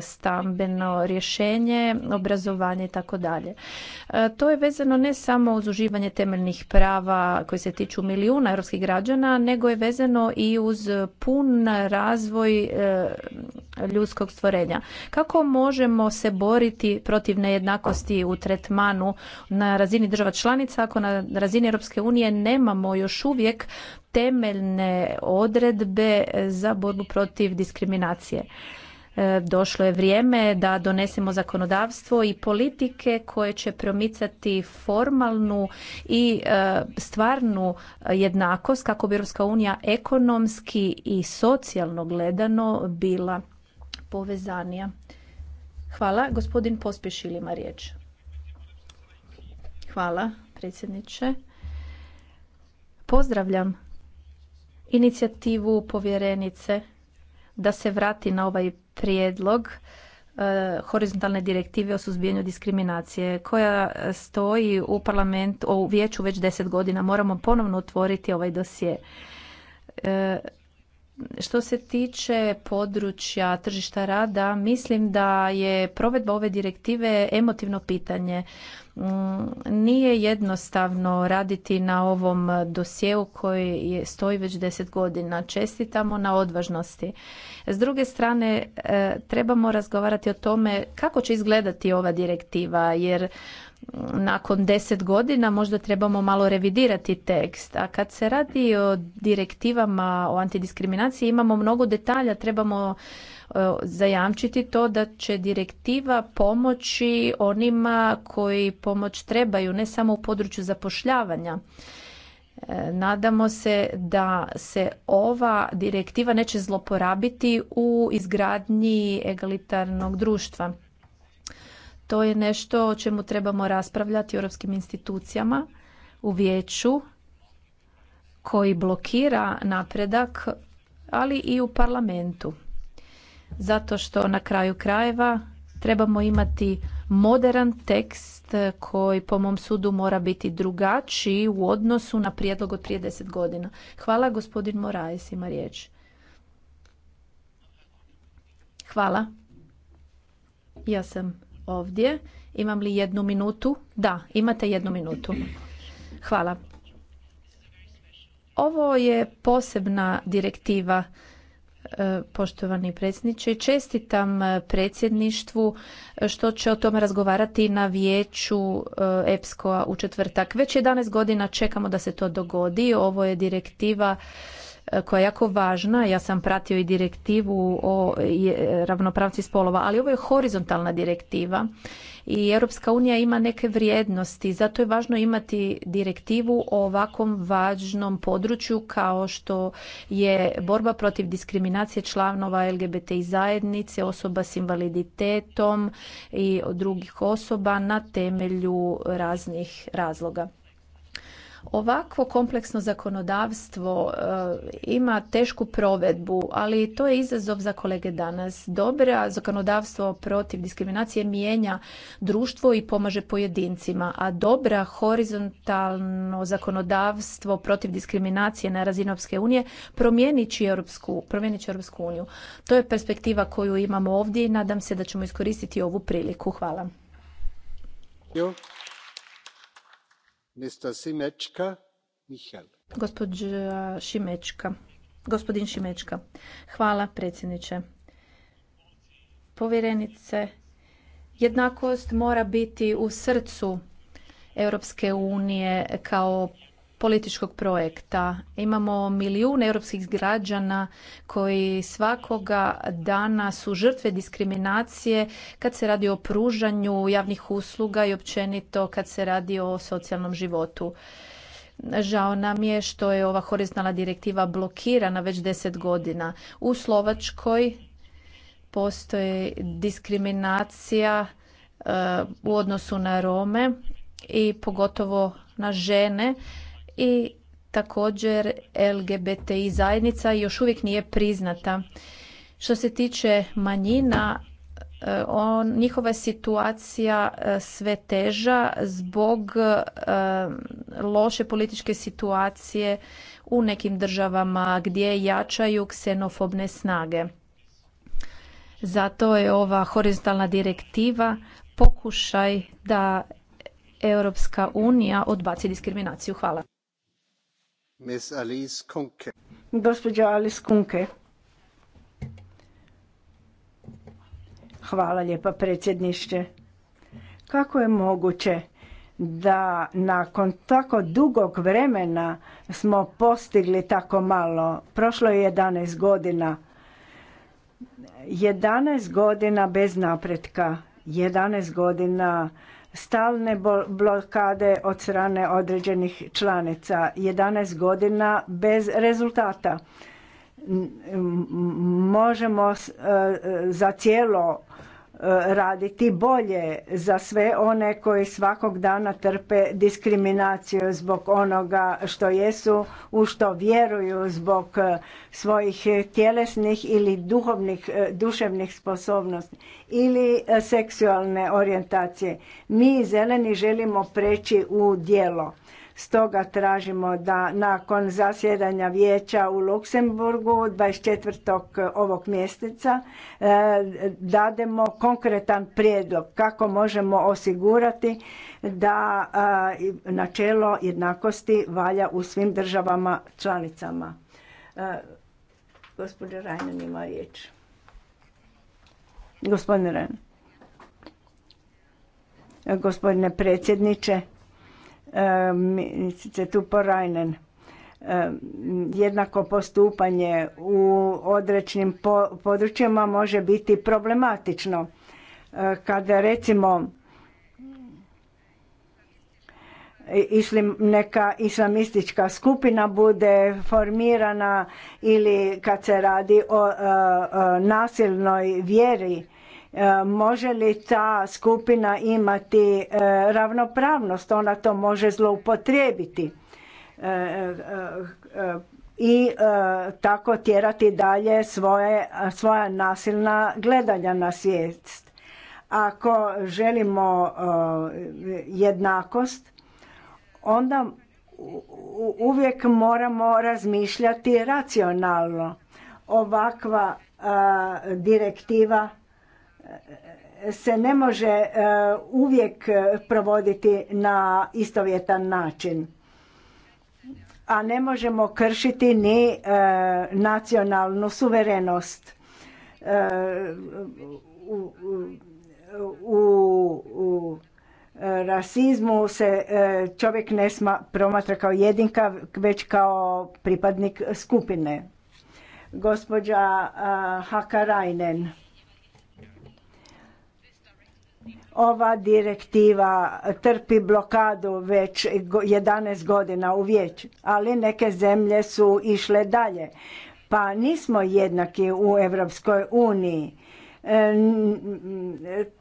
stambeno rješenje, obrazovanje i tako dalje. E, to je vezano ne samo uz uživanje temeljnih prava koji se tiču milijuna europskih građana, nego je vezano i uz pun razvoj e, ljudskog stvorenja. Kako možemo se boriti protiv nejednakosti u tretmanu na razini država članica ako na razini Europske unije nemamo još uvijek temeljne odredbe za borbu protiv diskriminacije? E, došlo je vrijeme da donesemo zakonodavstvo i politike koje će promicati formalnu i e, stvarnu jednakost kako bi Europska unija ekonomski i socijalno gledano bila povezanija. Hvala. Gospodin Pospješil ima riječ. Hvala, predsjedniče. Pozdravljam inicijativu povjerenice da se vrati na ovaj prijedlog e, horizontalne direktive o suzbijanju diskriminacije koja stoji u parlamentu, u vijeću već deset godina. Moramo ponovno otvoriti ovaj dosje. E, što se tiče područja tržišta rada, mislim da je provedba ove direktive emotivno pitanje. Mm, nije jednostavno raditi na ovom dosjeu koji stoji već deset godina. Čestitamo na odvažnosti. S druge strane, e, trebamo razgovarati o tome kako će izgledati ova direktiva, jer nakon deset godina možda trebamo malo revidirati tekst. A kad se radi o direktivama o antidiskriminaciji imamo mnogo detalja, trebamo e, zajamčiti to da će direktiva pomoći onima koji pomoć trebaju, ne samo u području zapošljavanja. E, nadamo se da se ova direktiva neće zloporabiti u izgradnji egalitarnog društva. To je nešto o čemu trebamo raspravljati u europskim institucijama, u vijeću koji blokira napredak, ali i u parlamentu. Zato što na kraju krajeva trebamo imati moderan tekst koji po mom sudu mora biti drugačiji u odnosu na prijedlog od prije deset godina. Hvala gospodin Moraes, ima riječ. Hvala. Ja sam ovdje. Imam li jednu minutu? Da, imate jednu minutu. Hvala. Ovo je posebna direktiva e, poštovani predsjedniče. Čestitam e, predsjedništvu e, što će o tome razgovarati na vijeću EPSKO-a u četvrtak. Već 11 godina čekamo da se to dogodi. Ovo je direktiva E, koja je jako važna. Ja sam pratio i direktivu o e, ravnopravci spolova, ali ovo je horizontalna direktiva i Europska unija ima neke vrijednosti. Zato je važno imati direktivu o ovakvom važnom području kao što je borba protiv diskriminacije članova LGBT zajednice, osoba s invaliditetom i drugih osoba na temelju raznih razloga. Ovakvo kompleksno zakonodavstvo e, ima tešku provedbu, ali to je izazov za kolege danas. Dobra zakonodavstvo protiv diskriminacije mijenja društvo i pomaže pojedincima, a dobra horizontalno zakonodavstvo protiv diskriminacije na razini Europske unije promijenit će Europsku, uniju. To je perspektiva koju imamo ovdje i nadam se da ćemo iskoristiti ovu priliku. Hvala. Mr. Gospođa Gospodin Šimečka. Hvala predsjedniče. Povjerenice, jednakost mora biti u srcu Europske unije kao političkog projekta. Imamo milijune europskih građana koji svakoga dana su žrtve diskriminacije kad se radi o pružanju javnih usluga i općenito kad se radi o socijalnom životu. Žao nam je što je ova horizontalna direktiva blokirana već deset godina. U Slovačkoj postoji diskriminacija e, u odnosu na Rome i pogotovo na žene i također LGBTI zajednica još uvijek nije priznata. Što se tiče manjina, e, on, njihova je situacija e, sve teža zbog e, loše političke situacije u nekim državama gdje jačaju ksenofobne snage. Zato je ova horizontalna direktiva pokušaj da Europska unija odbaci diskriminaciju. Hvala. Ms. Alice Kunke. Kunke. Hvala lijepa predsjedniče. Kako je moguće da nakon tako dugog vremena smo postigli tako malo? Prošlo je 11 godina. 11 godina bez napretka. 11 godina stalne blokade od strane određenih članica 11 godina bez rezultata možemo e, za cijelo raditi bolje za sve one koji svakog dana trpe diskriminaciju zbog onoga što jesu, u što vjeruju zbog e, svojih tjelesnih ili duhovnih, e, duševnih sposobnosti ili e, seksualne orijentacije. Mi zeleni želimo preći u dijelo Stoga tražimo da nakon zasjedanja vijeća u Luksemburgu 24. ovog mjeseca e, dademo konkretan prijedlog kako možemo osigurati da e, načelo jednakosti valja u svim državama članicama. E, Gospodin Rajnan ima riječ. Gospodin Rajnan. Gospodine predsjedniče, ministrice Tuporajnen jednako postupanje u određenim područjima može biti problematično. E, kada recimo neka islamistička skupina bude formirana ili kad se radi o e, e, nasilnoj vjeri E, može li ta skupina imati e, ravnopravnost? Ona to može zloupotrijebiti e, i tako tjerati dalje svoje, svoja nasilna gledanja na svijest. Ako želimo jednakost, onda uvijek moramo razmišljati racionalno. Ovakva direktiva se ne može e, uvijek provoditi na istovjetan način a ne možemo kršiti ni e, nacionalnu suverenost e, u, rasizmu se čovjek ne promatra kao jedinka, već kao pripadnik skupine. Gospođa Hakarajnen. Ova direktiva trpi blokadu već 11 godina u vijeću, ali neke zemlje su išle dalje. Pa nismo jednaki u Europskoj uniji. E,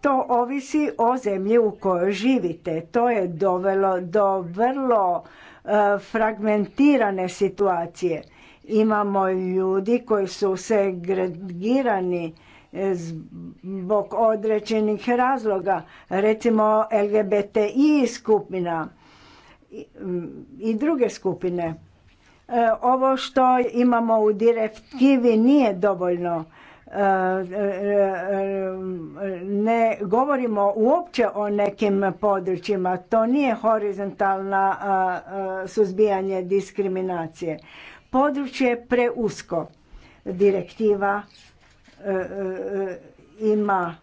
to ovisi o zemlji u kojoj živite. To je dovelo do vrlo e, fragmentirane situacije. Imamo ljudi koji su segregirani zbog određenih razloga, recimo LGBTI skupina mm, i druge skupine. E, ovo što imamo u direktivi nije dovoljno. E, e, ne govorimo uopće o nekim područjima. To nije horizontalna suzbijanje diskriminacije. Područje je preusko. Direktiva E, e, ima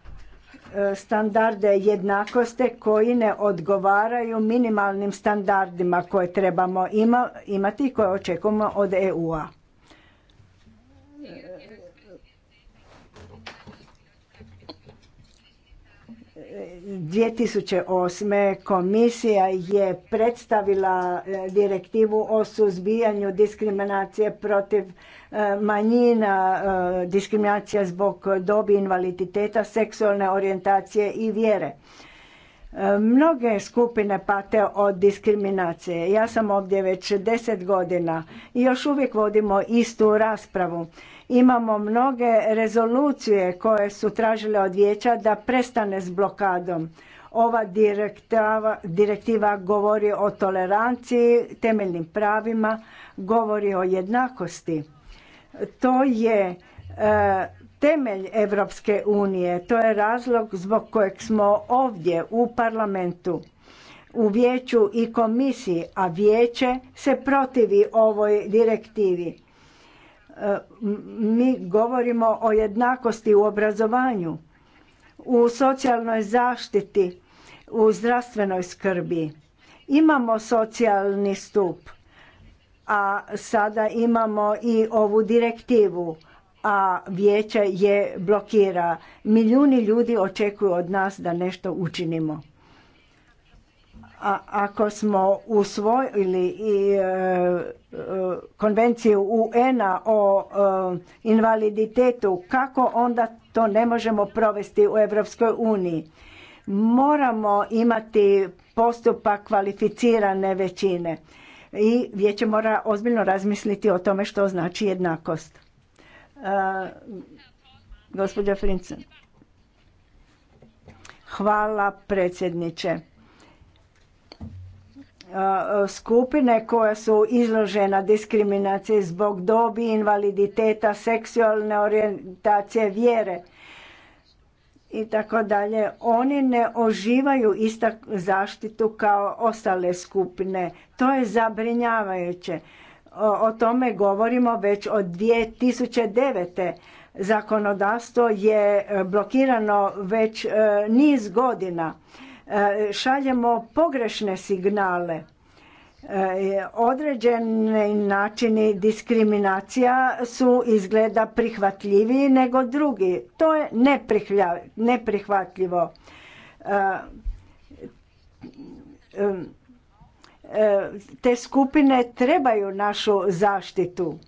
e, standarde jednakosti koji ne odgovaraju minimalnim standardima koje trebamo imati i koje očekujemo od EU-a. 2008. komisija je predstavila e, direktivu o suzbijanju diskriminacije protiv e, manjina, e, diskriminacija zbog dobi invaliditeta, seksualne orijentacije i vjere. Mnoge skupine pate od diskriminacije. Ja sam ovdje već deset godina i još uvijek vodimo istu raspravu. Imamo mnoge rezolucije koje su tražile od vijeća da prestane s blokadom. Ova direktiva, govori o toleranciji, temeljnim pravima, govori o jednakosti. To je e, temelj Europske unije, to je razlog zbog kojeg smo ovdje u parlamentu u vijeću i komisiji, a vijeće se protivi ovoj direktivi mi govorimo o jednakosti u obrazovanju, u socijalnoj zaštiti, u zdravstvenoj skrbi. Imamo socijalni stup, a sada imamo i ovu direktivu, a vijeće je blokira. Milijuni ljudi očekuju od nas da nešto učinimo. A ako smo usvojili i e, e, konvenciju UN-a o e, invaliditetu, kako onda to ne možemo provesti u Europskoj uniji? Moramo imati postupak kvalificirane većine i vijeće mora ozbiljno razmisliti o tome što znači jednakost. Gospođa Hvala predsjedniče skupine koja su izložena diskriminaciji zbog dobi, invaliditeta, seksualne orijentacije, vjere i tako dalje, oni ne oživaju ista zaštitu kao ostale skupine. To je zabrinjavajuće. O tome govorimo već od 2009. Zakonodavstvo je blokirano već e, niz godina šaljemo pogrešne signale e, određeni načini diskriminacija su izgleda prihvatljiviji nego drugi. To je neprihvatljivo. E, e, te skupine trebaju našu zaštitu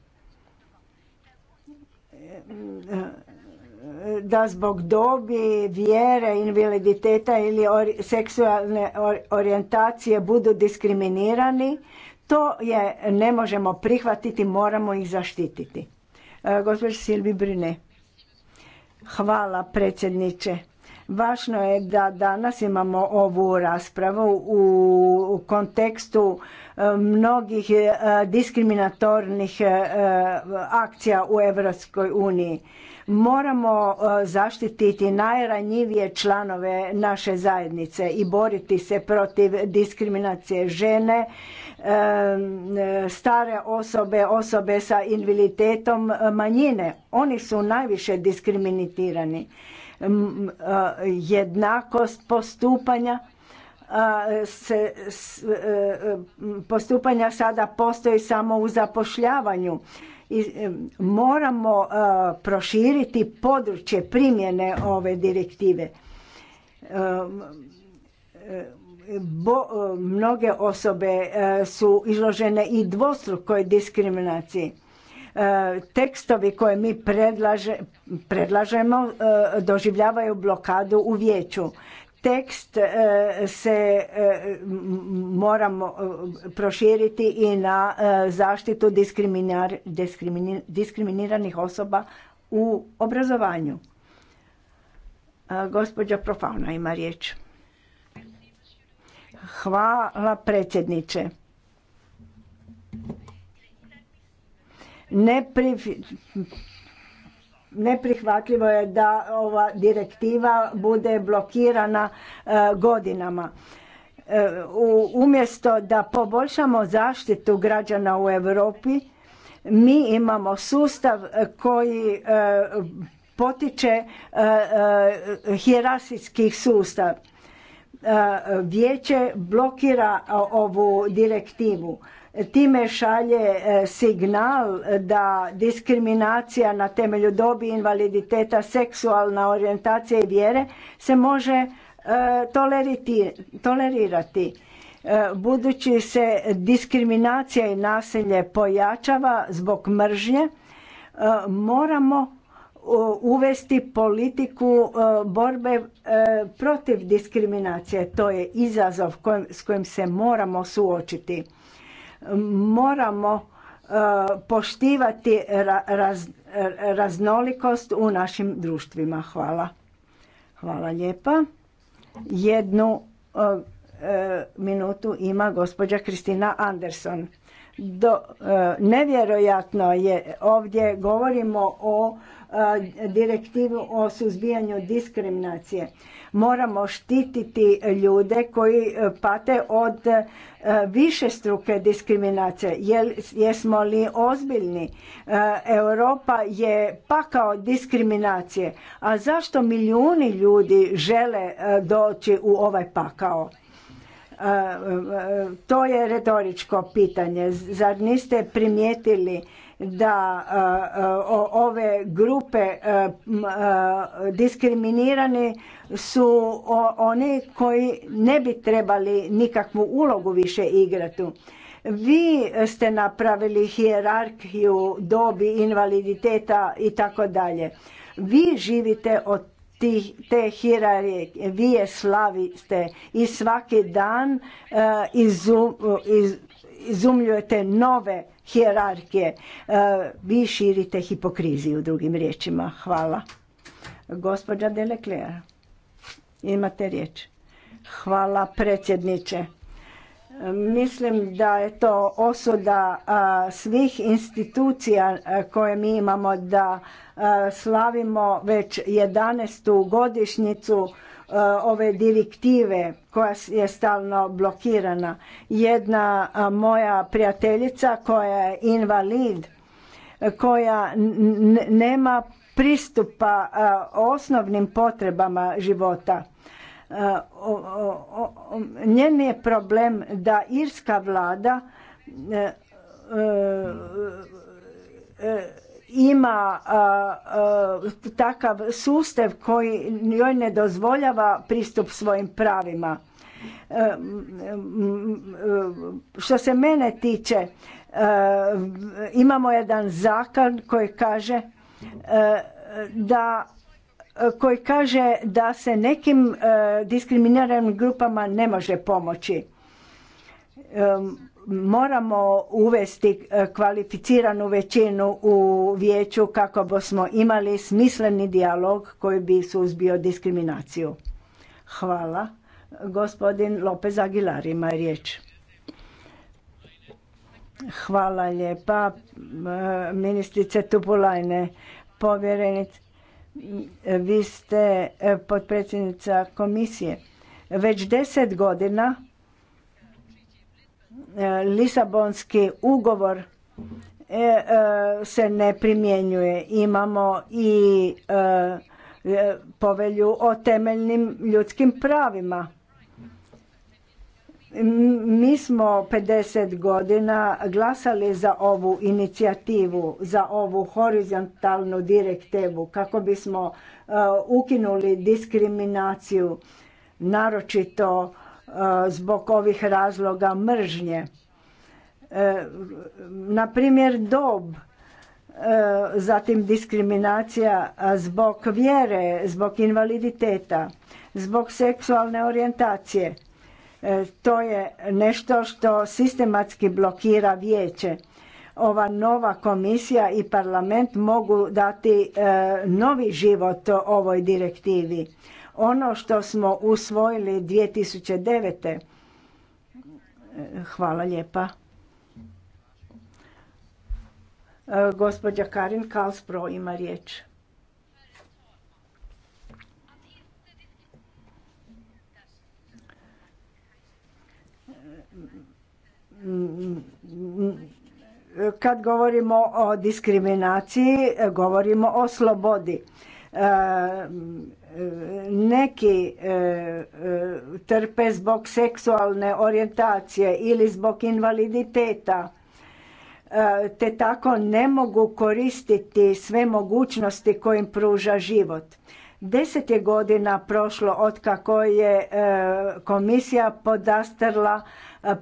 da zbog dobi, vjere, invaliditeta ili seksualne orijentacije budu diskriminirani, to je ne možemo prihvatiti, moramo ih zaštititi. E, Gospođo Silvi Brine. Hvala predsjedniče. Važno je da danas imamo ovu raspravu u kontekstu e, mnogih e, diskriminatornih akcija u Europskoj uniji. Moramo e, zaštititi najranjivije članove naše zajednice i boriti se protiv diskriminacije žene, e, stare osobe, osobe sa invaliditetom, e, manjine. Oni su najviše diskriminirani. Jednakost postupanja se postupanja sada postoji samo u zapošljavanju moramo e, proširiti područje primjene ove direktive. E, e, mnoge osobe su izložene i dvostrukoj diskriminaciji. Tekstovi koje mi predlažemo doživljavaju blokadu u vijeću tekst e, se e, moramo e, proširiti i na zaštitu diskriminiranih osoba u obrazovanju. Gospođa Profauna ima riječ. Hvala predsjedniče. Ne Neprihvatljivo je da ova direktiva bude blokirana e, godinama. E, umjesto da poboljšamo zaštitu građana u Europi, mi imamo sustav koji e, potiče hijerarhijski sustav. Vijeće blokira ovu direktivu time šalje e, signal da diskriminacija na temelju dobi, invaliditeta, seksualna orijentacija i vjere se može e, tolerirati. E, budući se diskriminacija i nasilje pojačava zbog mržnje, moramo uvesti politiku borbe protiv diskriminacije. To je izazov s kojim se moramo suočiti Moramo e, poštivati raznolikost u našim društvima. Hvala. Hvala lijepa. Jednu e, e, minutu ima gospođa Kristina Anderson. nevjerojatno je ovdje govorimo o direktivu o suzbijanju diskriminacije. Moramo štititi ljude koji e, pate od e, struke diskriminacije. Jesmo li ozbiljni? E, Europa je pakao diskriminacije. A zašto milijuni ljudi žele doći u ovaj pakao? To je retoričko pitanje. Zar niste primijetili da e, ove grupe e, e, diskriminirani su oni koji ne bi trebali nikakvu ulogu više igrati. Vi ste napravili hijerarhiju dobi, invaliditeta i tako dalje. Vi živite od te hirarije, vi je slavite i svaki dan iz, izumljujete nove hijerarhije. E, vi širite hipokriziju, drugim riječima. Hvala. Gospođa Delecler, imate riječ. Hvala predsjedniče. Mislim da je to osuda svih institucija koje mi imamo da slavimo već 11. godišnjicu ove direktive koja je stalno blokirana. Jedna moja prijateljica koja je invalid, koja nema pristupa osnovnim potrebama života. Njen je problem da irska vlada e, e, e, ima takav sustav koji joj ne dozvoljava pristup svojim pravima. E, što se mene tiče, e, imamo jedan zakon koji kaže e, da koji kaže da se nekim diskriminiranim grupama ne može pomoći moramo uvesti e, kvalificiranu većinu u vijeću kako bismo imali smisleni dijalog koji bi suzbio diskriminaciju. Hvala. Gospodin Lopez Aguilar ima riječ. Hvala lijepa e, ministrice Tupulajne, povjerenic. Vi ste e, potpredsjednica komisije. Već deset godina E, Lisabonski ugovor e, e, se ne primjenjuje. Imamo i povelju o temeljnim ljudskim pravima. Mi smo 50 godina glasali za ovu inicijativu, za ovu horizontalnu direktivu kako bismo ukinuli diskriminaciju naročito zbog ovih razloga mržnje. E, na primjer dob, e, zatim diskriminacija zbog vjere, zbog invaliditeta, zbog seksualne orijentacije. E, to je nešto što sistematski blokira vijeće. Ova nova komisija i parlament mogu dati novi život ovoj direktivi ono što smo usvojili 2009. Hvala lijepa. Gospođa Karin Kalspro ima riječ. Kad govorimo o diskriminaciji, govorimo o slobodi neki e, e, trpe zbog seksualne orijentacije ili zbog invaliditeta e, te tako ne mogu koristiti sve mogućnosti kojim pruža život. Deset je godina prošlo od kako je komisija podastrla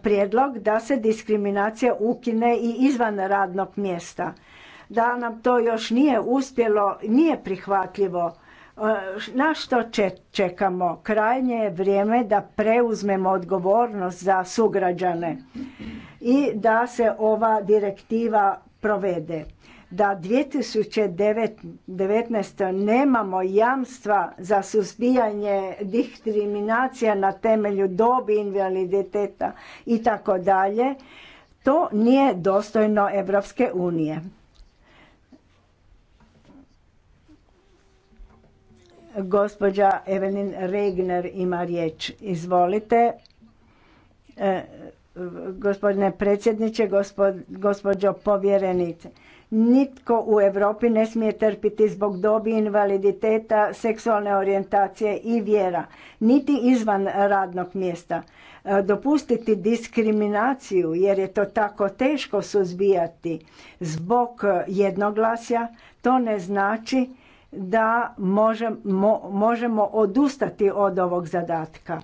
prijedlog da se diskriminacija ukine i izvan radnog mjesta. Da nam to još nije uspjelo, nije prihvatljivo na što čekamo? Krajnje je vrijeme da preuzmemo odgovornost za sugrađane i da se ova direktiva provede. Da 2019. nemamo jamstva za suzbijanje diskriminacija na temelju dobi, invaliditeta i tako dalje, to nije dostojno Evropske unije. Gospođa Evelin Regner ima riječ. Izvolite. E, gospodine predsjedniče, gospođo povjerenice. Nitko u Europi ne smije trpiti zbog dobi invaliditeta, seksualne orijentacije i vjera, niti izvan radnog mjesta. E, dopustiti diskriminaciju jer je to tako teško suzbijati zbog jednoglasja, to ne znači da možemo, možemo odustati od ovog zadatka.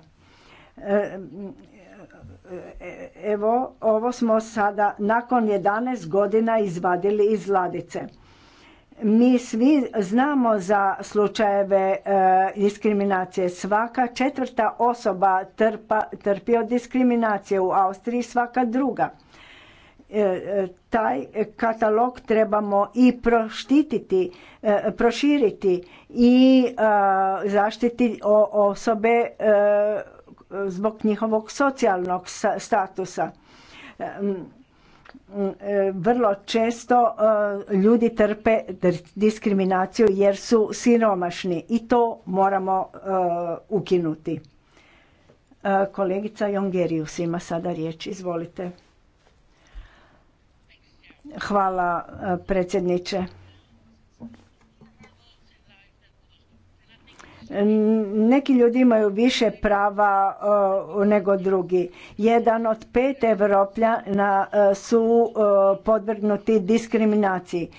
E, e, evo, ovo smo sada nakon 11 godina izvadili iz ladice. Mi svi znamo za slučajeve e, diskriminacije. Svaka četvrta osoba trpa, trpi od diskriminacije u Austriji, svaka druga E, e, taj katalog trebamo i proštititi, e, proširiti i zaštiti osobe zbog njihovog socijalnog statusa. Vrlo često ljudi trpe diskriminaciju jer su siromašni i to moramo ukinuti. Kolegica Jongerius ima sada riječ, izvolite. Hvala e, predsjedniče. Neki ljudi imaju više prava e, nego drugi. Jedan od pet Evropljana e, su podvrgnuti diskriminaciji.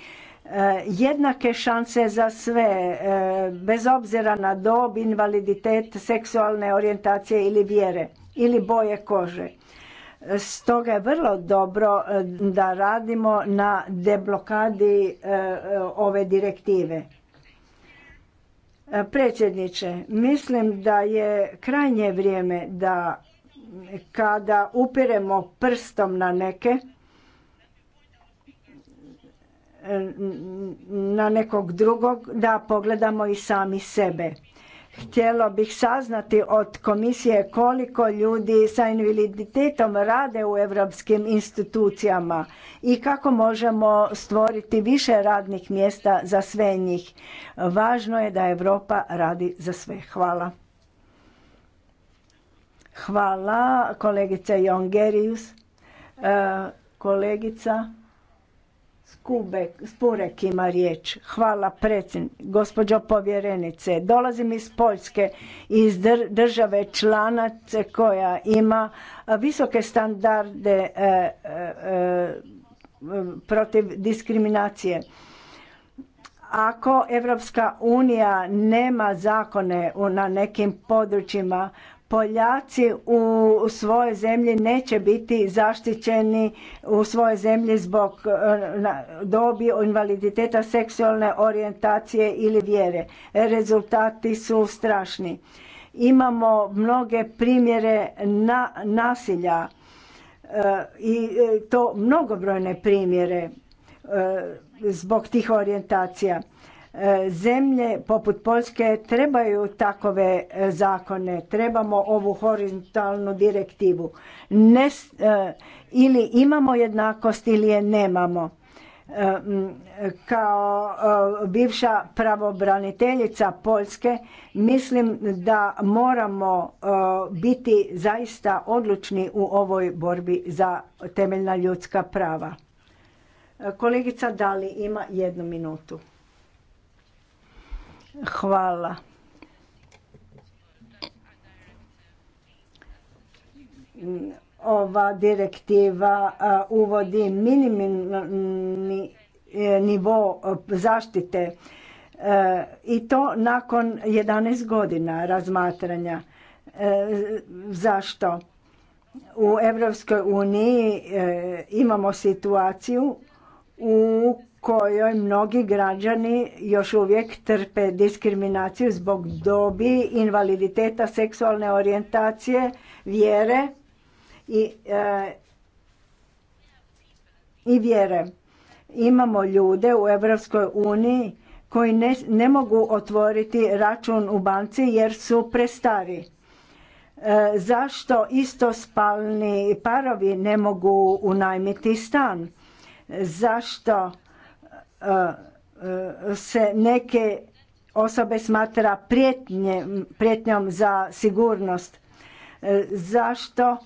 Jednake šanse za sve, bez obzira na dob, invaliditet, seksualne orijentacije ili vjere ili boje kože Stoga je vrlo dobro e, da radimo na deblokadi e, ove direktive. E, predsjedniče, mislim da je krajnje vrijeme da kada upiremo prstom na neke, na nekog drugog, da pogledamo i sami sebe. Htjela bih saznati od komisije koliko ljudi sa invaliditetom rade u europskim institucijama i kako možemo stvoriti više radnih mjesta za sve njih. Važno je da Europa radi za sve. Hvala. Hvala kolegice Jongerius. E, kolegica Skube, Spurek ima riječ. Hvala predsjednik, gospođo povjerenice. Dolazim iz Poljske, iz države članice koja ima visoke standarde e, e, e, protiv diskriminacije. Ako Evropska unija nema zakone na nekim područjima, Poljaci u svojoj zemlji neće biti zaštićeni u svojoj zemlji zbog e, dobi, invaliditeta, seksualne orijentacije ili vjere. Rezultati su strašni. Imamo mnoge primjere na nasilja e, i e, to mnogobrojne primjere zbog tih orijentacija Zemlje poput Poljske trebaju takove e, zakone, trebamo ovu horizontalnu direktivu. Ne, e, ili imamo jednakost ili je nemamo. E, kao bivša pravobraniteljica Poljske mislim da moramo biti zaista odlučni u ovoj borbi za temeljna ljudska prava. Kolegica Dali ima jednu minutu. Hvala. Ova direktiva uvodi minimalni e, nivo zaštite e, i to nakon 11 godina razmatranja. E, zašto? U EU uniji imamo situaciju u kojoj mnogi građani još uvijek trpe diskriminaciju zbog dobi, invaliditeta, seksualne orijentacije, vjere i, e, i vjere. Imamo ljude u Europskoj uniji koji ne, mogu otvoriti račun u banci jer su prestari. E, zašto istospalni parovi ne mogu unajmiti stan? zašto e, e, se neke osobe smatra prijetnjom za sigurnost, e, zašto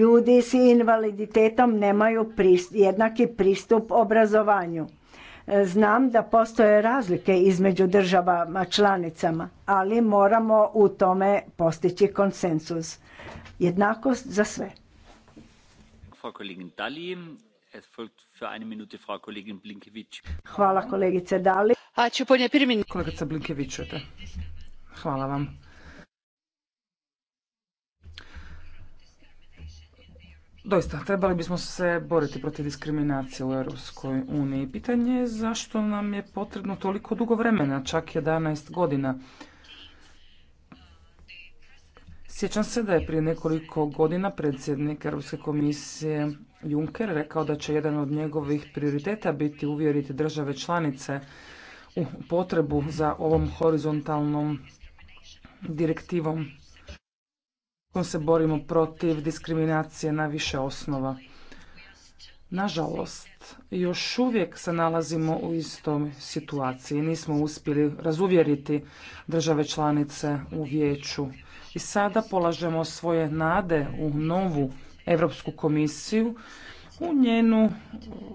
ljudi s invaliditetom nemaju jednaki pristup obrazovanju. Znam da postoje razlike između državama članicama, ali moramo u tome postići konsensus. Jednakost za sve. Hvala kolegice Dali. Hvala vam. Doista, trebali bismo se boriti protiv diskriminacije u Europskoj uniji. Pitanje je zašto nam je potrebno toliko dugo vremena, čak 11 godina. Sjećam se da je prije nekoliko godina predsjednik Europske komisije Juncker rekao da će jedan od njegovih prioriteta biti uvjeriti države članice u potrebu za ovom horizontalnom direktivom kojom se borimo protiv diskriminacije na više osnova. Nažalost, još uvijek se nalazimo u istoj situaciji. Nismo uspjeli razuvjeriti države članice u vijeću. I sada polažemo svoje nade u novu Europsku komisiju u njenu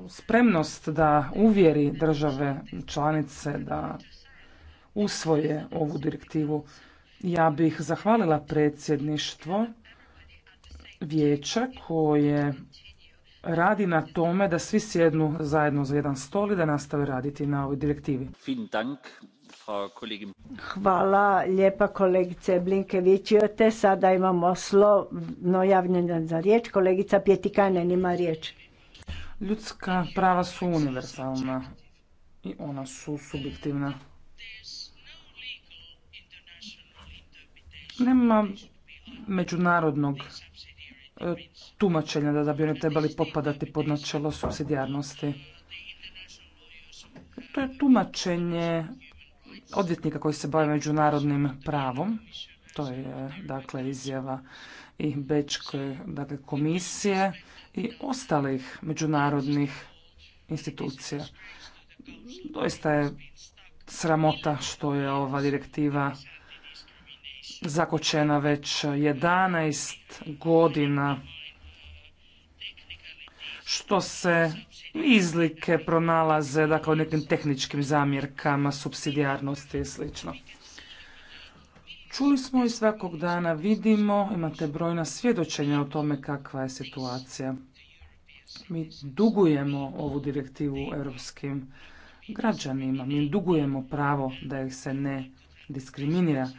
spremnost da uvjeri države članice da usvoje ovu direktivu. Ja bih zahvalila predsjedništvo vijeća koje radi na tome da svi sjednu zajedno za jedan stol i da nastave raditi na ovoj direktivi. Hvala lijepa kolegice Te Sada imamo slovno javljanje za riječ. Kolegica Pjetikanen ima riječ. Ljudska prava su univerzalna i ona su subjektivna. Nema međunarodnog e, tumačenja da, bi oni trebali potpadati pod načelo subsidijarnosti. To je tumačenje odvjetnika koji se bave međunarodnim pravom. To je e, dakle izjava i Bečke dakle, komisije i ostalih međunarodnih institucija. Doista je sramota što je ova direktiva zakočena već 11 godina što se izlike pronalaze, dakle, u nekim tehničkim zamjerkama, subsidijarnosti i sl. Čuli smo i svakog dana vidimo, imate brojna svjedočenja o tome kakva je situacija. Mi dugujemo ovu direktivu europskim građanima, mi dugujemo pravo da ih se ne diskriminira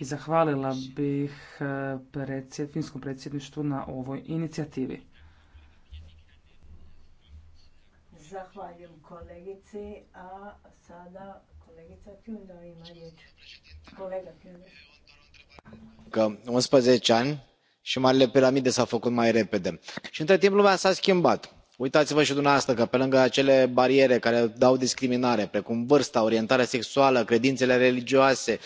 i zahvalila bih eh, finskom predsjedništvu na ovoj inicijativi. Zahvaljujem kolegici, a sada kolegica Tjunda ima riječ. Kolega Tjunda. Că 11 ani și marile Piramide s-a făcut mai repede. Și între timp lumea s-a schimbat. Uitați-vă și dumneavoastră că pe lângă acele bariere care dau discriminare, precum vârsta, orientarea sexuală, credințele religioase.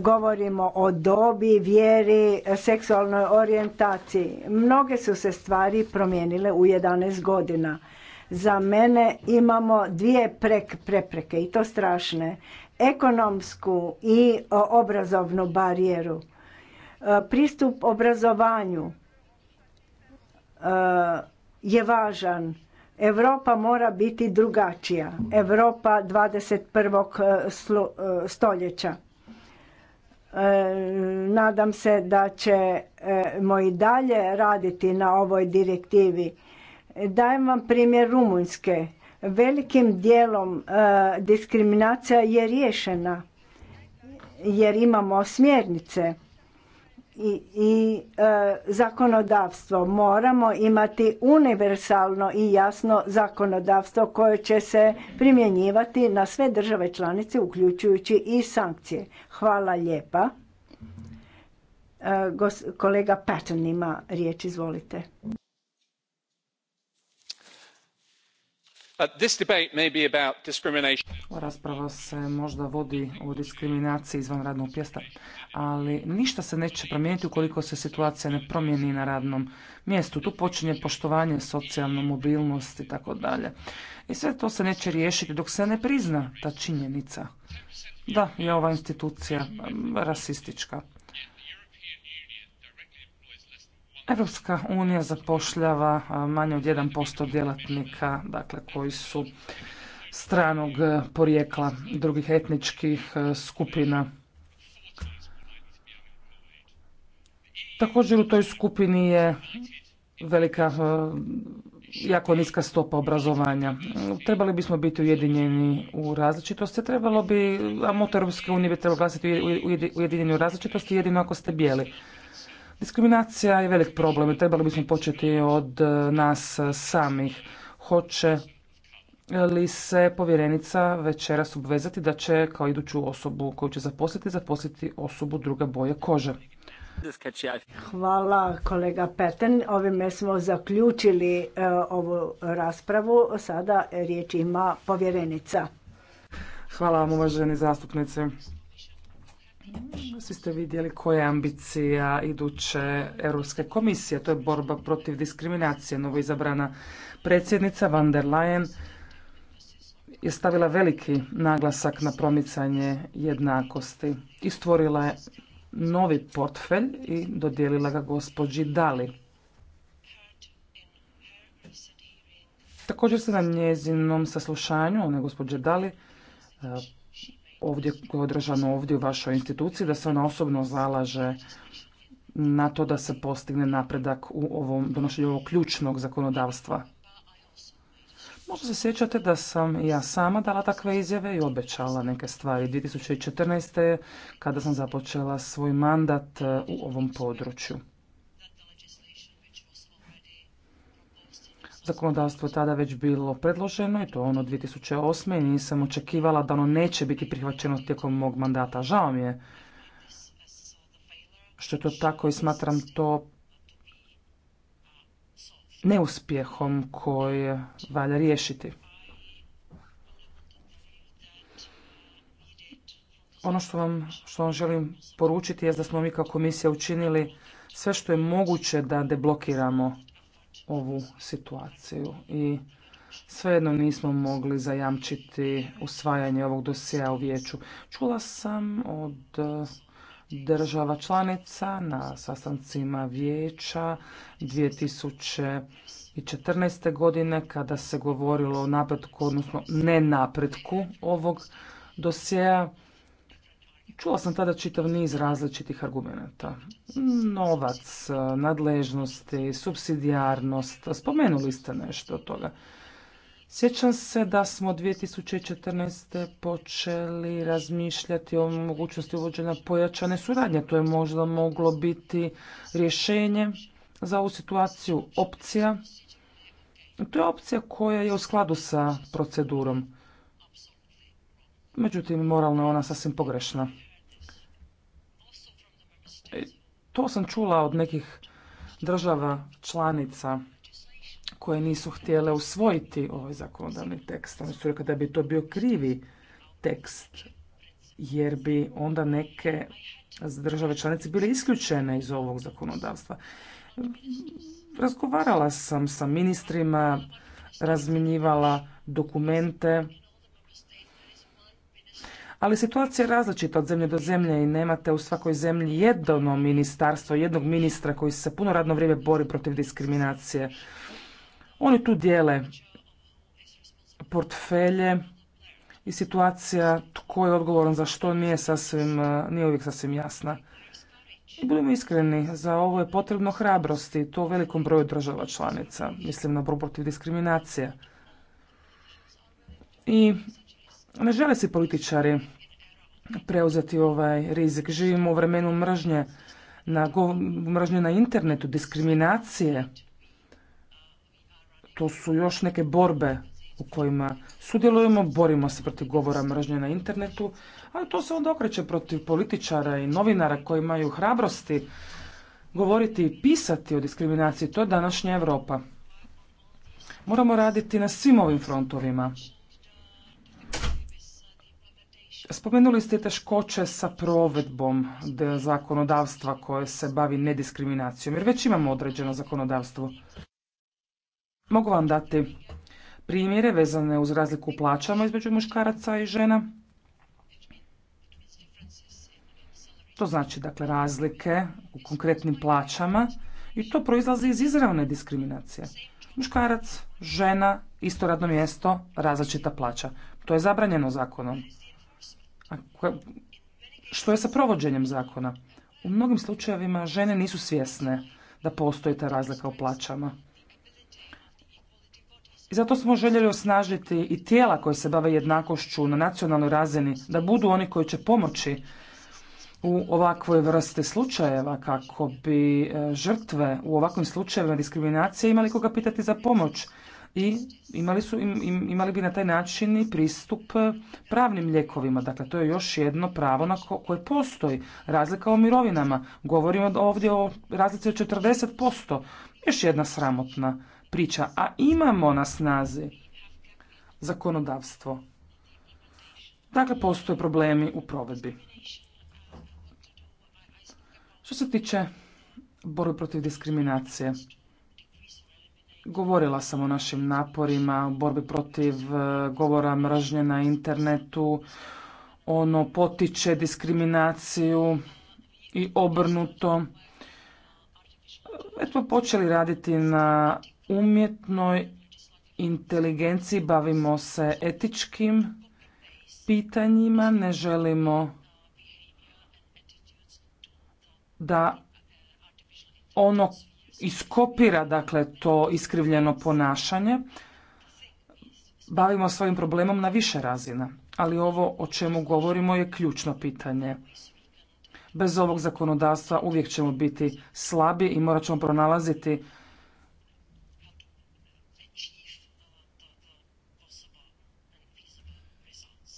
Govorimo o dobi, vjeri, seksualnoj orijentaciji. Mnoge su se stvari promijenile u 11 godina za mene imamo dvije prepreke i to strašne. Ekonomsku i obrazovnu barijeru. E, pristup obrazovanju e, je važan. Europa mora biti drugačija. Europa 21. E, stoljeća. Nadam se da ćemo i dalje raditi na ovoj direktivi Dajem vam primjer Rumunjske. Velikim dijelom e, diskriminacija je riješena jer imamo smjernice i, i e, zakonodavstvo. Moramo imati univerzalno i jasno zakonodavstvo koje će se primjenjivati na sve države članice uključujući i sankcije. Hvala lijepa. E, kolega Patton ima riječ, izvolite. Uh, rasprava se možda vodi o diskriminaciji izvan radnog mjesta, ali ništa se neće promijeniti ukoliko se situacija ne promijeni na radnom mjestu. Tu počinje poštovanje, socijalna mobilnost i tako dalje. I sve to se neće riješiti dok se ne prizna ta činjenica. Da, je ova institucija rasistička. Europska unija zapošljava manje od 1% djelatnika, dakle koji su stranog e, porijekla drugih etničkih e, skupina. Također u toj skupini je velika, e, jako niska stopa obrazovanja. Trebali bismo biti ujedinjeni u različitosti, trebalo bi, a motor Europske unije bi trebalo glasiti ujedinjeni u različitosti jedino ako ste bijeli. Diskriminacija je velik problem i trebali bismo početi od e, nas samih. Hoće li se povjerenica večeras obvezati da će kao iduću osobu koju će zaposliti, zaposliti osobu druga boje kože? Hvala kolega Peten. Ovime smo zaključili e, ovu raspravu. Sada riječ ima povjerenica. Hvala vam uvaženi zastupnici. Svi ste vidjeli koja je ambicija iduće Europske komisije. To je borba protiv diskriminacije. Novo izabrana predsjednica van der Leyen je stavila veliki naglasak na promicanje jednakosti i stvorila je novi portfelj i dodijelila ga gospođi Dali. Također se na njezinom saslušanju, ona gospođe Dali, ovdje, koje je održano ovdje u vašoj instituciji, da se ona osobno zalaže na to da se postigne napredak u ovom donošenju ovog ključnog zakonodavstva. Možda se sjećate da sam ja sama dala takve izjave i obećala neke stvari 2014. kada sam započela svoj mandat e, u ovom području. zakonodavstvo je tada već bilo predloženo i to ono 2008. i nisam očekivala da ono neće biti prihvaćeno tijekom mog mandata. Žao mi je što je to tako i smatram to neuspjehom koji valja riješiti. Ono što vam, što vam želim poručiti je da smo mi kao komisija učinili sve što je moguće da deblokiramo ovu situaciju i svejedno nismo mogli zajamčiti usvajanje ovog dosjea u vijeću. Čula sam od eh, država članica na sastancima vijeća 2014. godine kada se govorilo o napretku, odnosno napretku ovog dosjea. Čula sam tada čitav niz različitih argumenata. Novac, nadležnosti, subsidijarnost, spomenuli ste nešto od toga. Sjećam se da smo 2014. počeli razmišljati o mogućnosti uvođenja pojačane suradnje. To je možda moglo biti rješenje za ovu situaciju opcija. To je opcija koja je u skladu sa procedurom. Međutim, moralno je ona sasvim pogrešna. E, to sam čula od nekih država članica koje nisu htjele usvojiti ovaj zakonodavni tekst. Oni su rekli da bi to bio krivi tekst jer bi onda neke države članice bile isključene iz ovog zakonodavstva. Razgovarala sam sa ministrima, razminjivala dokumente ali situacija je različita od zemlje do zemlje i nemate u svakoj zemlji jedno ministarstvo, jednog ministra koji se puno radno vrijeme bori protiv diskriminacije. Oni tu dijele portfelje i situacija tko je odgovoran za što nije sasvim, e, nije uvijek sasvim jasna. I budimo iskreni, za ovo je potrebno hrabrosti i to u velikom broju država članica. Mislim na borbu protiv diskriminacije. I ne žele si političari preuzeti ovaj rizik. Živimo u vremenu mržnje na, mržnje na internetu, diskriminacije. To su još neke borbe u kojima sudjelujemo, borimo se protiv govora mržnje na internetu, ali to se onda okreće protiv političara i novinara koji imaju hrabrosti govoriti i pisati o diskriminaciji. To je današnja Europa. Moramo raditi na svim ovim frontovima. Spomenuli ste teškoće sa provedbom zakonodavstva koje se bavi nediskriminacijom, jer već imamo određeno zakonodavstvo. Mogu vam dati primjere vezane uz razliku u plaćama između muškaraca i žena. To znači dakle razlike u konkretnim plaćama i to proizlazi iz izravne diskriminacije. Muškarac, žena, isto radno mjesto, različita plaća. To je zabranjeno zakonom što je sa provođenjem zakona? U mnogim slučajevima žene nisu svjesne da postoji ta razlika u plaćama. I zato smo željeli osnažiti i tijela koje se bave jednakošću na nacionalnoj razini, da budu oni koji će pomoći u ovakvoj vrsti slučajeva kako bi e, žrtve u ovakvim slučajevima diskriminacije imali koga pitati za pomoć i imali, su, im, imali bi na taj način i pristup eh, pravnim lijekovima. Dakle, to je još jedno pravo na koje postoji. Razlika o mirovinama. Govorimo ovdje o razlici od 40%. Još jedna sramotna priča. A imamo na snazi zakonodavstvo. Dakle, postoje problemi u provedbi. Što se tiče borbe protiv diskriminacije, Govorila sam o našim naporima, borbi protiv e, govora mržnje na internetu. Ono potiče diskriminaciju i obrnuto. E, eto, počeli raditi na umjetnoj inteligenciji, bavimo se etičkim pitanjima, ne želimo da ono iskopira dakle to iskrivljeno ponašanje, bavimo svojim problemom na više razina. Ali ovo o čemu govorimo je ključno pitanje. Bez ovog zakonodavstva uvijek ćemo biti slabi i morat ćemo pronalaziti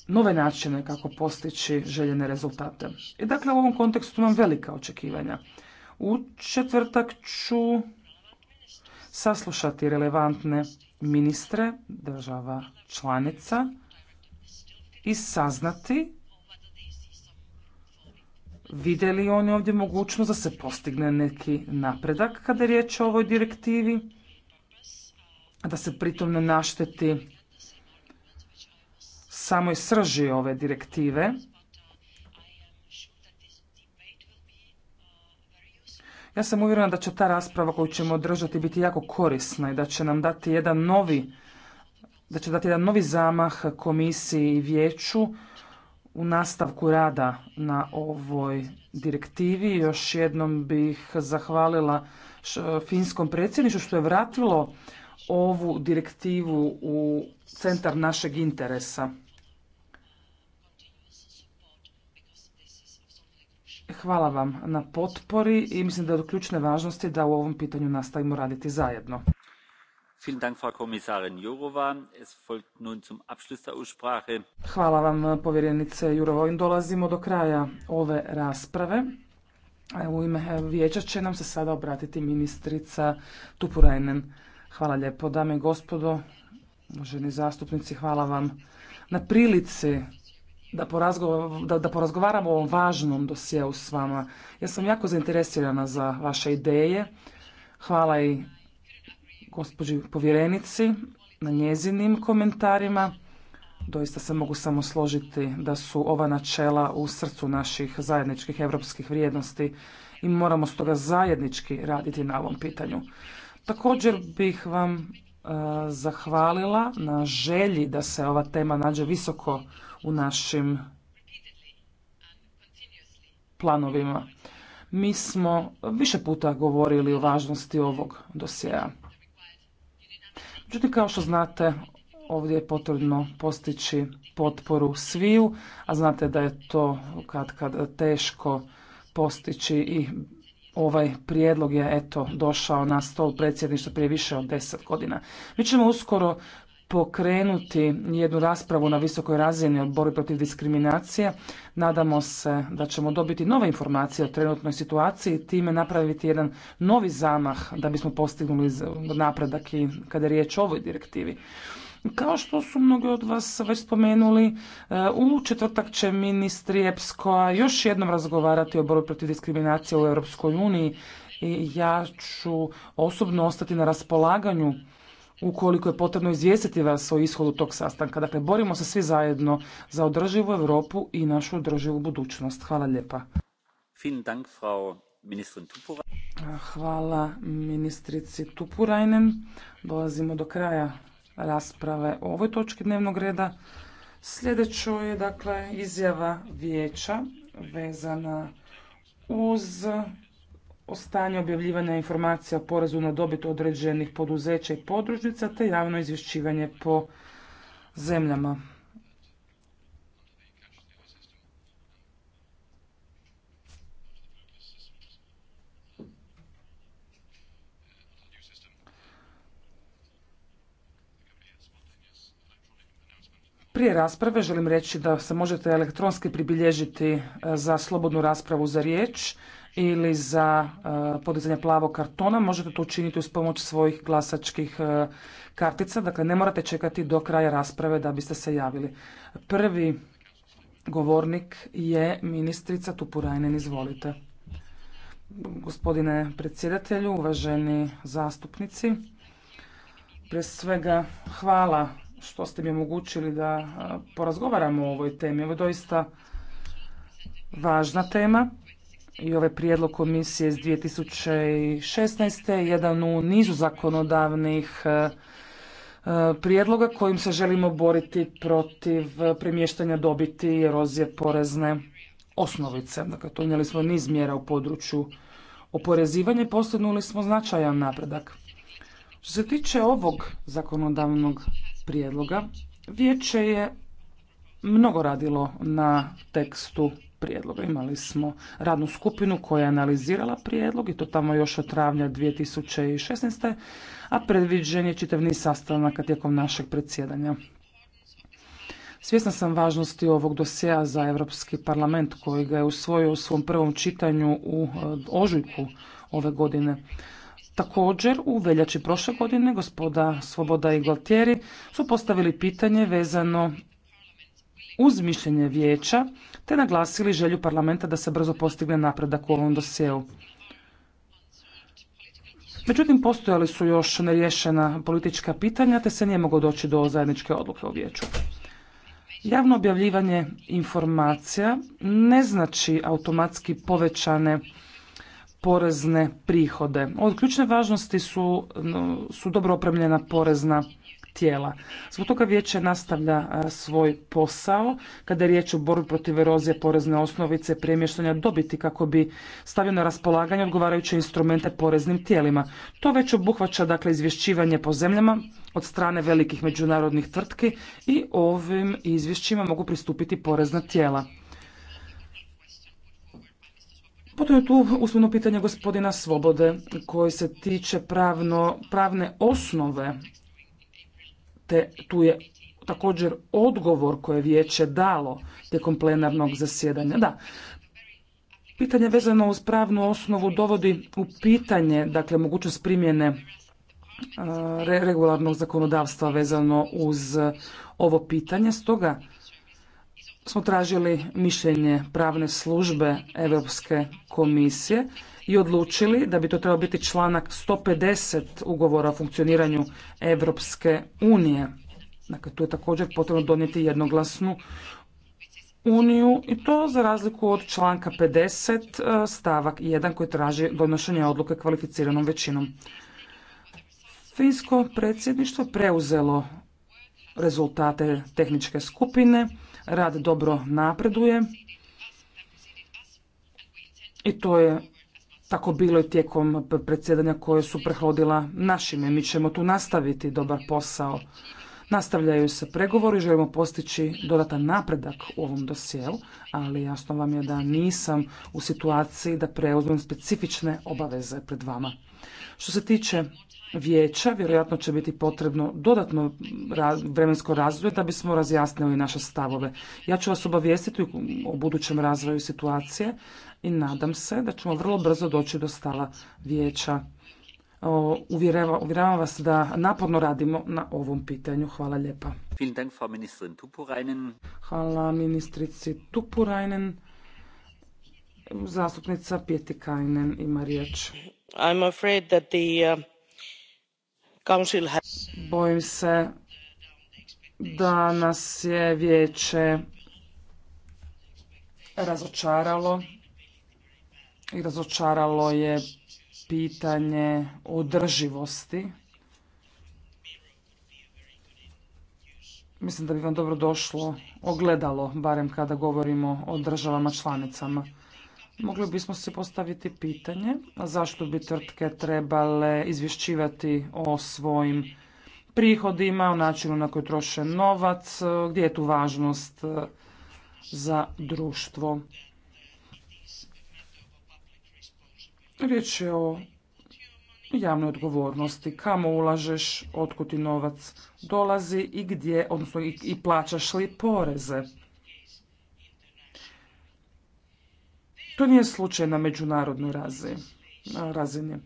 nove načine kako postići željene rezultate. I dakle u ovom kontekstu imam velika očekivanja. U četvrtak ću saslušati relevantne ministre država članica i saznati vide li oni ovdje mogućnost da se postigne neki napredak kada je riječ o ovoj direktivi, da se pritom ne našteti samoj srži ove direktive, Ja sam uvjerena da će ta rasprava koju ćemo održati biti jako korisna i da će nam dati jedan novi da će dati jedan novi zamah komisiji i vijeću u nastavku rada na ovoj direktivi. Još jednom bih zahvalila finskom predsjedništvu što je vratilo ovu direktivu u centar našeg interesa. Hvala vam na potpori i mislim da je od ključne važnosti da u ovom pitanju nastavimo raditi zajedno. Hvala vam povjerenice Jurova. Ovim dolazimo do kraja ove rasprave. E, u ime vijeća će nam se sada obratiti ministrica Tupurajnen. Hvala lijepo, dame i gospodo, uvaženi zastupnici, hvala vam na prilici da, da, da porazgovaramo o ovom važnom dosjeu s vama. Ja sam jako zainteresirana za vaše ideje. Hvala i gospođi povjerenici na njezinim komentarima. Doista se mogu samo složiti da su ova načela u srcu naših zajedničkih europskih vrijednosti i moramo stoga zajednički raditi na ovom pitanju. Također bih vam e, zahvalila na želji da se ova tema nađe visoko u našim planovima. Mi smo više puta govorili o važnosti ovog dosjeja. Međutim, kao što znate, ovdje je potrebno postići potporu sviju, a znate da je to kad kad teško postići i ovaj prijedlog je eto došao na stol predsjedništva prije više od deset godina. Mi ćemo uskoro pokrenuti jednu raspravu na visokoj razini o borbi protiv diskriminacije. Nadamo se da ćemo dobiti nove informacije o trenutnoj situaciji i time napraviti jedan novi zamah da bismo postignuli napredak i kada je riječ o ovoj direktivi. Kao što su mnogi od vas već spomenuli, e, u četvrtak će ministri EPSKO još jednom razgovarati o borbi protiv diskriminacije u Europskoj uniji i ja ću osobno ostati na raspolaganju ukoliko je potrebno izvijestiti vas o ishodu tog sastanka. Dakle, borimo se svi zajedno za održivu Europu i našu održivu budućnost. Hvala lijepa. Hvala ministrici Tupurajnen. Dolazimo do kraja rasprave o ovoj točki dnevnog reda. Sljedeća je dakle izjava vijeća vezana uz o stanju objavljivanja informacija o porezu na dobit određenih poduzeća i podružnica te javno izvješćivanje po zemljama. Prije rasprave želim reći da se možete elektronski pribilježiti e, za slobodnu raspravu za riječ ili za e, podizanje plavog kartona. Možete to učiniti uz pomoć svojih glasačkih e, kartica. Dakle, ne morate čekati do kraja rasprave da biste se javili. Prvi govornik je ministrica Tupurajnen. Izvolite. Gospodine predsjedatelju, uvaženi zastupnici, prije svega hvala što ste mi omogućili da e, porazgovaramo o ovoj temi. Ovo je doista važna tema i ovaj prijedlog komisije iz 2016. jedan u nizu zakonodavnih e, e, prijedloga kojim se želimo boriti protiv premještanja dobiti i erozije porezne osnovice. Dakle, to unijeli smo niz mjera u području oporezivanja i postignuli smo značajan napredak. Što se tiče ovog zakonodavnog prijedloga, vijeće je mnogo radilo na tekstu prijedloga. Imali smo radnu skupinu koja je analizirala prijedlog i to tamo još od travnja 2016. a predviđen je čitav niz sastanaka tijekom našeg predsjedanja. Svjesna sam važnosti ovog dosjea za Europski parlament koji ga je usvojio u svom prvom čitanju u e, ožujku ove godine. Također, u veljači prošle godine gospoda Svoboda i Galtieri su postavili pitanje vezano uz mišljenje vijeća te naglasili želju parlamenta da se brzo postigne napredak u ovom dosijelu. Međutim, postojali su još neriješena politička pitanja, te se nije moglo doći do zajedničke odluke u vijeću. Javno objavljivanje informacija ne znači automatski povećane porezne prihode. Od ključne važnosti su, su dobro opremljena porezna tijela. Zbog toga vijeće nastavlja svoj posao kada je riječ o borbi protiv erozije porezne osnovice premještanja dobiti kako bi stavio na raspolaganje odgovarajuće instrumente poreznim tijelima. To već obuhvaća dakle izvješćivanje po zemljama od strane velikih međunarodnih tvrtki i ovim izvješćima mogu pristupiti porezna tijela. Potom je tu usmeno pitanje gospodina Svobode koji se tiče pravne osnove te tu je također odgovor koje je vijeće dalo tijekom plenarnog zasjedanja. Da, pitanje vezano uz pravnu osnovu dovodi u pitanje, dakle, mogućnost primjene e, regularnog zakonodavstva vezano uz ovo pitanje. Stoga smo tražili mišljenje pravne službe Europske komisije i odlučili da bi to trebao biti članak 150 ugovora o funkcioniranju Europske unije. Dakle, tu je također potrebno donijeti jednoglasnu uniju i to za razliku od članka 50 e, stavak 1 koji traži donošenje odluke kvalificiranom većinom. Finsko predsjedništvo preuzelo rezultate tehničke skupine, rad dobro napreduje i to je tako bilo je tijekom predsjedanja koje su prehodila našime. Mi ćemo tu nastaviti dobar posao. Nastavljaju se pregovori, želimo postići dodatan napredak u ovom dosjeu, ali jasno vam je da nisam u situaciji da preuzmem specifične obaveze pred vama. Što se tiče vijeća, vjerojatno će biti potrebno dodatno vremensko razdoblje da bismo razjasnili naše stavove. Ja ću vas obavijestiti o budućem razvoju situacije i nadam se da ćemo vrlo brzo doći do stala vijeća. Uvjeravam vas da naporno radimo na ovom pitanju. Hvala lijepa. Hvala ministrici Tupurajnen. Zastupnica Pjeti Kajnen ima riječ. I'm afraid that the uh, Bojim se da nas je vijeće razočaralo i razočaralo je pitanje održivosti. Mislim da bi vam dobro došlo ogledalo, barem kada govorimo o državama članicama. Mogli bismo se postaviti pitanje zašto bi tvrtke trebale izvješćivati o svojim prihodima, o načinu na koji troše novac, gdje je tu važnost za društvo. Riječ je o javnoj odgovornosti, kamo ulažeš, otkud ti novac dolazi i gdje, odnosno i, i plaćaš li poreze. To nije slučaj na međunarodnoj razini. razini.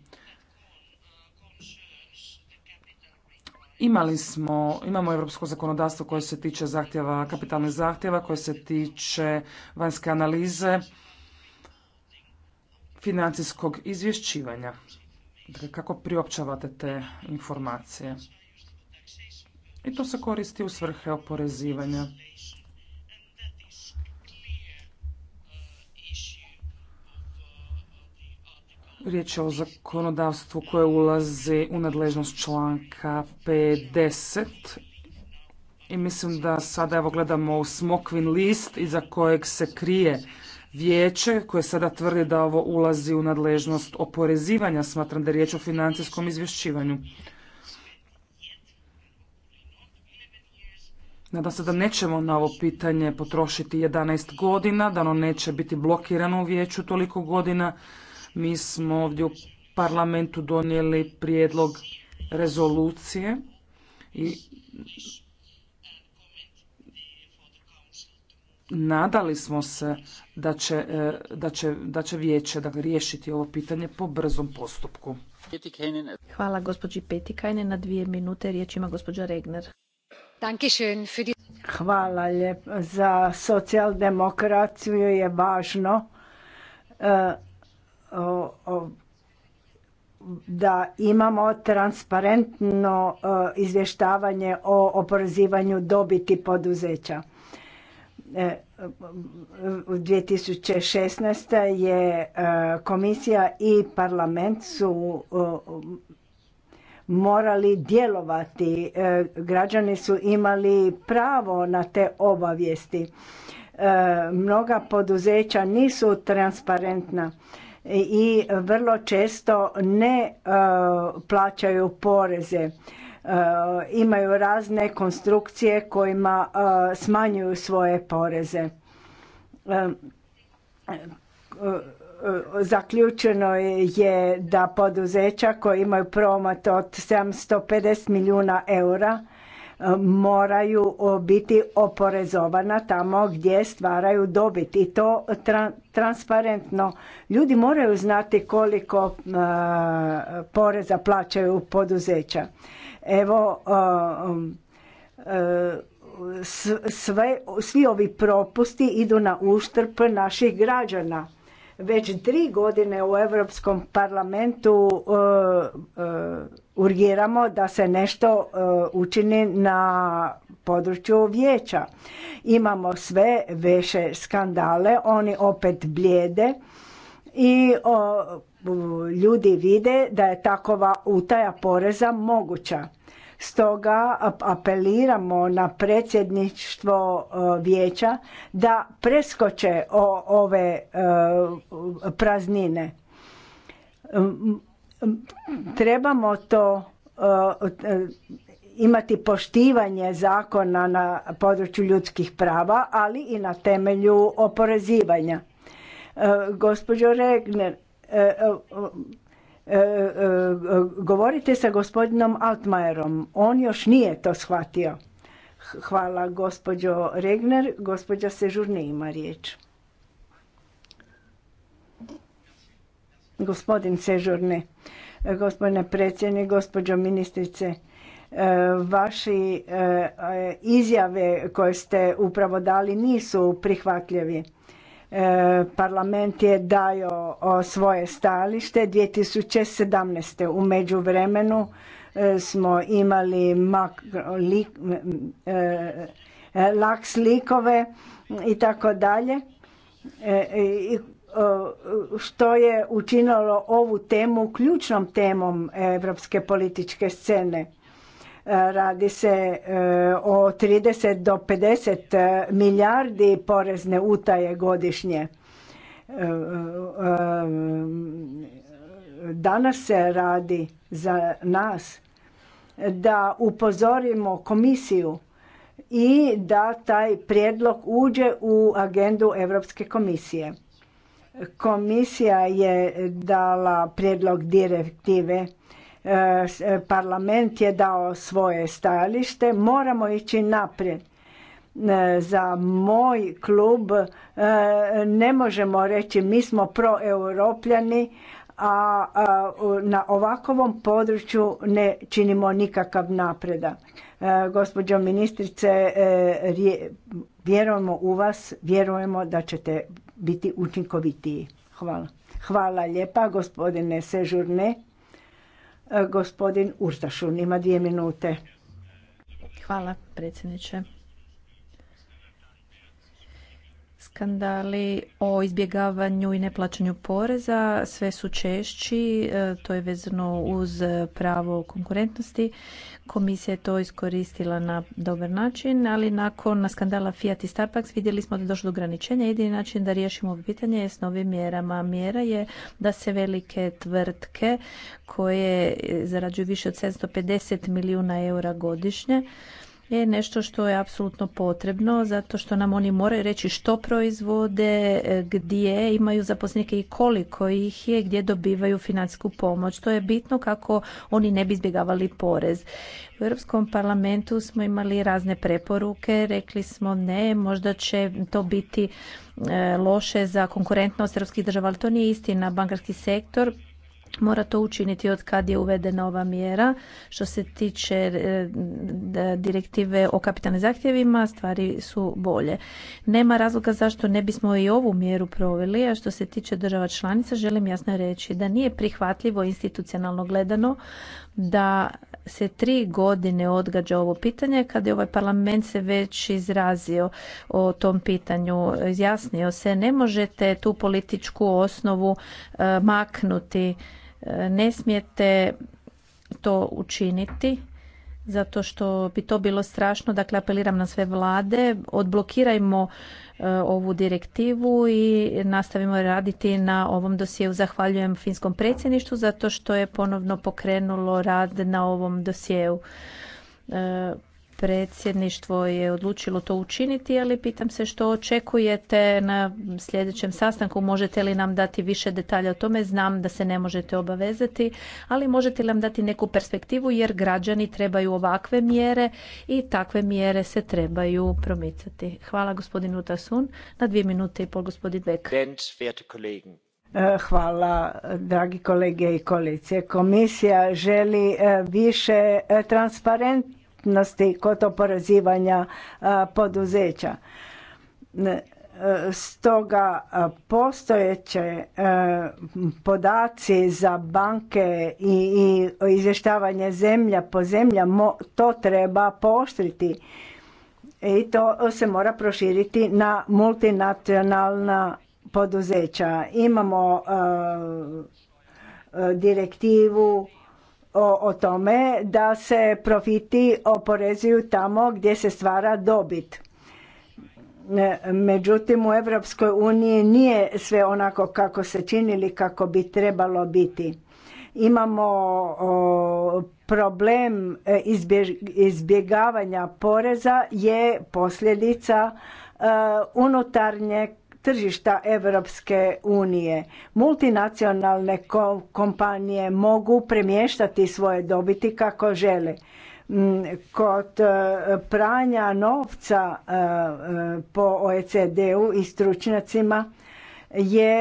Imali smo, imamo europsko zakonodavstvo koje se tiče zahtjeva, kapitalnih zahtjeva, koje se tiče vanjske analize, financijskog izvješćivanja. Dakle, kako priopćavate te informacije? I to se koristi u svrhe oporezivanja. Riječ je o zakonodavstvu koje ulazi u nadležnost članka 50. I mislim da sada evo gledamo u smokvin list iza kojeg se krije vijeće koje sada tvrdi da ovo ulazi u nadležnost oporezivanja, smatram da je riječ o financijskom izvješćivanju. Nadam se da nećemo na ovo pitanje potrošiti 11 godina, da ono neće biti blokirano u vijeću toliko godina. Mi smo ovdje u parlamentu donijeli prijedlog rezolucije i nadali smo se da će, e, da će, da će vijeće dakle, riješiti ovo pitanje po brzom postupku. Hvala gospođi Petikajne. Na dvije minute riječ ima gospođa Regner. Hvala za Za socijaldemokraciju je važno e, da imamo transparentno e, izvještavanje o oporezivanju dobiti poduzeća 2016. E, je e, komisija i parlament su morali djelovati. E, građani su imali pravo na te obavijesti. Mnoga poduzeća nisu transparentna i vrlo često ne plaćaju poreze Eh, imaju razne konstrukcije kojima eh, smanjuju svoje poreze. Eh, zaključeno je da poduzeća koji imaju promat od 750 milijuna eura moraju biti oporezovana tamo gdje stvaraju dobit i to transparentno. Ljudi moraju znati koliko poreza plaćaju poduzeća. Evo, um, e, svi ovi propusti idu na uštrb naših građana. Već tri godine u Europskom parlamentu e, e, urgiramo da se nešto učini na području vijeća. Imamo sve veše skandale, oni opet blijede i o, ljudi vide da je takova utaja poreza moguća. Stoga apeliramo na predsjedništvo vijeća da preskoče o, ove e, praznine. Trebamo to imati poštivanje zakona na području ljudskih prava, ali i na temelju oporezivanja E, gospođo Regner, e, e, govorite sa gospodinom Altmajerom. On još nije to shvatio. Hvala gospođo Regner. Gospođa Sežurne ima riječ. Gospodin Sežurne, gospodine predsjednik, gospođo ministrice, vaši izjave koje ste upravo dali nisu prihvatljivi Parlament je dao svoje stajalište 2017. U međuvremenu e, smo imali mak, e, laks likove i tako dalje e, što je učinilo ovu temu ključnom temom europske političke scene Radi se e, o 30 do 50 e, milijardi porezne utaje godišnje. E, danas se radi za nas da upozorimo komisiju i da taj prijedlog uđe u agendu Europske komisije. Komisija je dala prijedlog direktive E, e, parlament je dao svoje stajalište, moramo ići naprijed. E, za moj klub ne možemo reći mi smo proeuropljani, a na ovakvom području ne činimo nikakav napredak. Gospođo ministrice, vjerujemo u vas, vjerujemo da ćete biti učinkovitiji. Hvala. Hvala lijepa gospodine Sežurne. Gospodin Urtašun ima dvije minute. Hvala predsjedniče. Skandali o izbjegavanju i neplaćanju poreza sve su češći, e, to je vezano uz pravo konkurentnosti. Komisija je to iskoristila na dobar način, ali nakon skandala Fiat i Starbucks vidjeli smo da je došlo do ograničenja. Jedini način da riješimo ovo pitanje je s novim mjerama. Mjera je da se velike tvrtke koje zarađuju više od 750 milijuna eura godišnje je nešto što je apsolutno potrebno zato što nam oni moraju reći što proizvode, gdje imaju zaposlenike i koliko ih je, gdje dobivaju financijsku pomoć. To je bitno kako oni ne bi izbjegavali porez. U Europskom parlamentu smo imali razne preporuke, rekli smo ne, možda će to biti e, loše za konkurentnost europskih država, ali to nije istina. Bankarski sektor mora to učiniti od kad je uvedena ova mjera. Što se tiče e, direktive o kapitalnim zahtjevima, stvari su bolje. Nema razloga zašto ne bismo i ovu mjeru proveli, a što se tiče država članica, želim jasno reći da nije prihvatljivo institucionalno gledano da se tri godine odgađa ovo pitanje Kad je ovaj parlament se već izrazio o tom pitanju, izjasnio se. Ne možete tu političku osnovu e, maknuti ne smijete to učiniti zato što bi to bilo strašno. Dakle, apeliram na sve vlade, odblokirajmo e, ovu direktivu i nastavimo raditi na ovom dosijeu. Zahvaljujem finskom predsjedništvu zato što je ponovno pokrenulo rad na ovom dosjeu. E, predsjedništvo je odlučilo to učiniti, ali pitam se što očekujete na sljedećem sastanku. Možete li nam dati više detalja o tome? Znam da se ne možete obavezati, ali možete li nam dati neku perspektivu jer građani trebaju ovakve mjere i takve mjere se trebaju promicati. Hvala gospodinu Tasun. Na dvije minute i pol gospodin Bek. E, hvala, dragi kolege i kolice. Komisija želi e, više e, transparentnosti kod oporezivanja poduzeća. E, e, stoga postojeće e, podaci za banke i izvještavanje zemlja po zemlja to treba pooštriti i to se mora proširiti na multinacionalna poduzeća. Imamo direktivu o, o tome da se profiti oporezuju tamo gdje se stvara dobit. E, međutim, u Europskoj uniji nije sve onako kako se čini kako bi trebalo biti. Imamo problem e, izbjegavanja poreza je posljedica e, unutarnjeg tržišta Europske unije. Multinacionalne kompanije mogu premještati svoje dobiti kako žele. Mm, kod e, pranja novca e, e, po OECD-u i stručnjacima je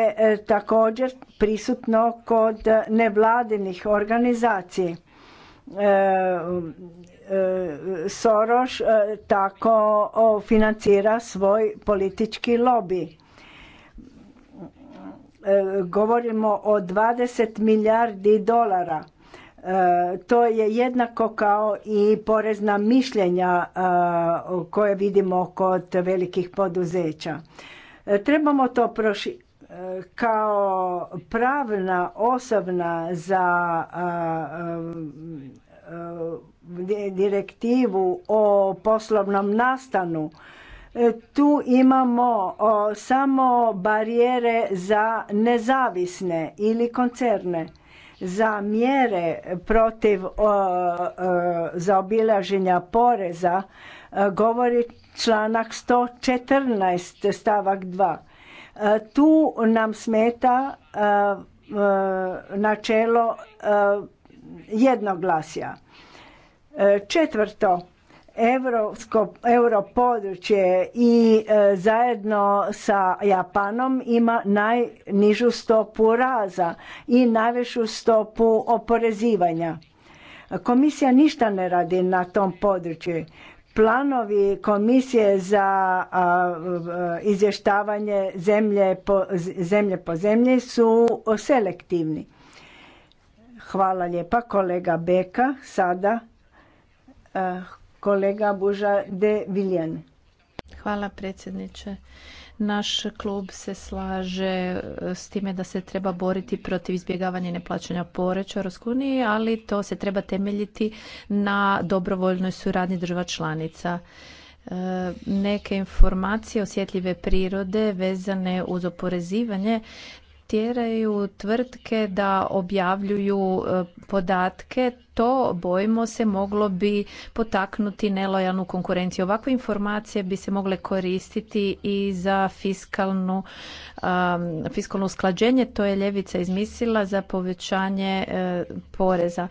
također prisutno kod nevladinih organizacija. soros tako financira svoj politički lobby. E, govorimo o 20 milijardi dolara. E, to je jednako kao i porezna mišljenja e, koje vidimo kod velikih poduzeća. Trebamo to proširiti kao pravna osobna za direktivu o poslovnom nastanu E, tu imamo samo barijere za nezavisne ili koncerne za mjere protiv zaobilaženja poreza e, govori članak 114 stavak 2. E, tu nam smeta načelo jednoglasja. Četvrto, Euro europodručje i e, zajedno sa Japanom ima najnižu stopu raza i najvišu stopu oporezivanja. Komisija ništa ne radi na tom području. Planovi komisije za e, izvještavanje zemlje po, zemlji su selektivni. Hvala lijepa kolega Beka. Sada e, Kolega Buža de Viljan. Hvala predsjedniče. Naš klub se slaže eh, s time da se treba boriti protiv izbjegavanja i neplaćanja poreća u EU, ali to se treba temeljiti na dobrovoljnoj suradnji država članica. Eh, neke informacije osjetljive prirode vezane uz oporezivanje tjeraju tvrtke da objavljuju e, podatke, to bojimo se moglo bi potaknuti nelojalnu konkurenciju. Ovakve informacije bi se mogle koristiti i za fiskalnu, fiskalno usklađenje, to je ljevica izmislila za povećanje e, poreza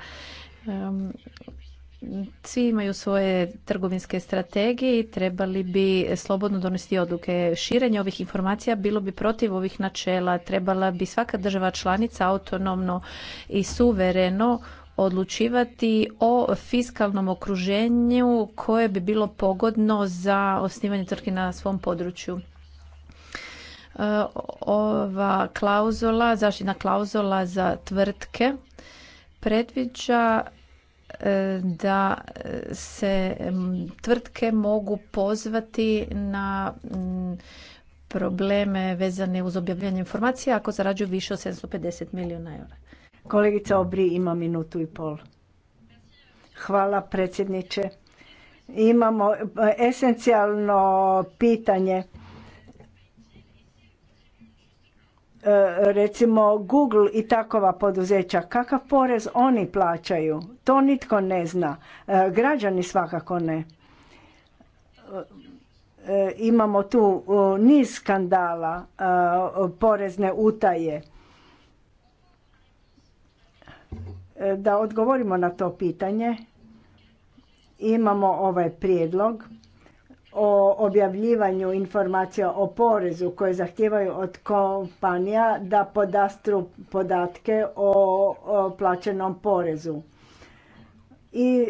svi imaju svoje trgovinske strategije i trebali bi slobodno donesti odluke. Širenje ovih informacija bilo bi protiv ovih načela. Trebala bi svaka država članica autonomno i suvereno odlučivati o fiskalnom okruženju koje bi bilo pogodno za osnivanje tvrtki na svom području e, ova klauzula, zaštitna klauzula za tvrtke predviđa da e, se tvrtke mogu pozvati na probleme vezane uz objavljanje informacija ako zarađuju više od 750 milijuna eura. Kolegica Obri ima minutu i pol. Hvala predsjedniče. Imamo e, esencijalno pitanje E, recimo Google i takova poduzeća, kakav porez oni plaćaju, to nitko ne zna, e, građani svakako ne. E, imamo tu niz skandala porezne utaje. Da odgovorimo na to pitanje, imamo ovaj prijedlog o objavljivanju informacija o porezu koje zahtijevaju od kompanija da podastru podatke o plaćenom porezu. I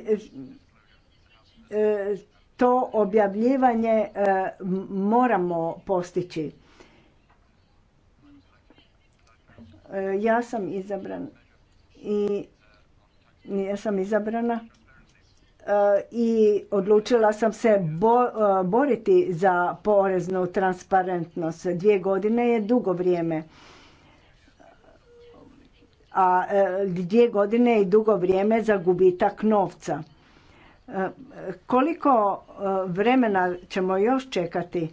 e, to objavljivanje e, moramo postići. E, ja sam izabran i ja sam izabrana Eh, i odlučila sam se eh, boriti za poreznu transparentnost. Dvije godine je dugo vrijeme. A eh, dvije godine je dugo vrijeme za gubitak novca. Koliko vremena ćemo još čekati?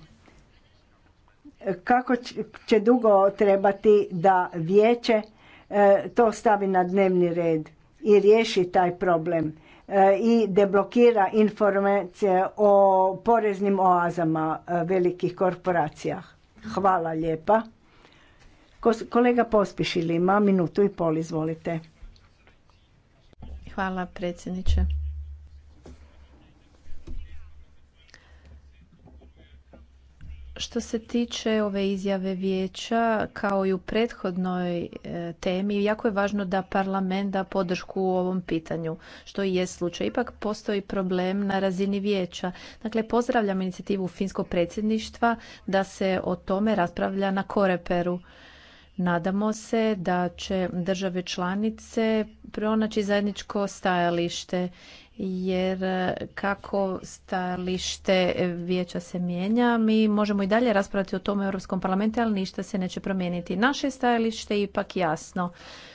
Kako će dugo trebati da vijeće to stavi na dnevni red i riješi taj problem? E, i deblokira informacije o poreznim oazama e, velikih korporacija. Hvala lijepa. Kolega Pospišil ima minutu i pol, izvolite. Hvala predsjedniče. Što se tiče ove izjave vijeća, kao i u prethodnoj e, temi, jako je važno da parlament da podršku u ovom pitanju, što i je slučaj. Ipak postoji problem na razini vijeća. Dakle, pozdravljam inicijativu Finskog predsjedništva da se o tome raspravlja na Koreperu. Nadamo se da će države članice pronaći zajedničko stajalište jer e, kako stajalište vijeća se mijenja, mi možemo i dalje raspravljati o tome u Europskom parlamentu, ali ništa se neće promijeniti. Naše stajalište je ipak jasno.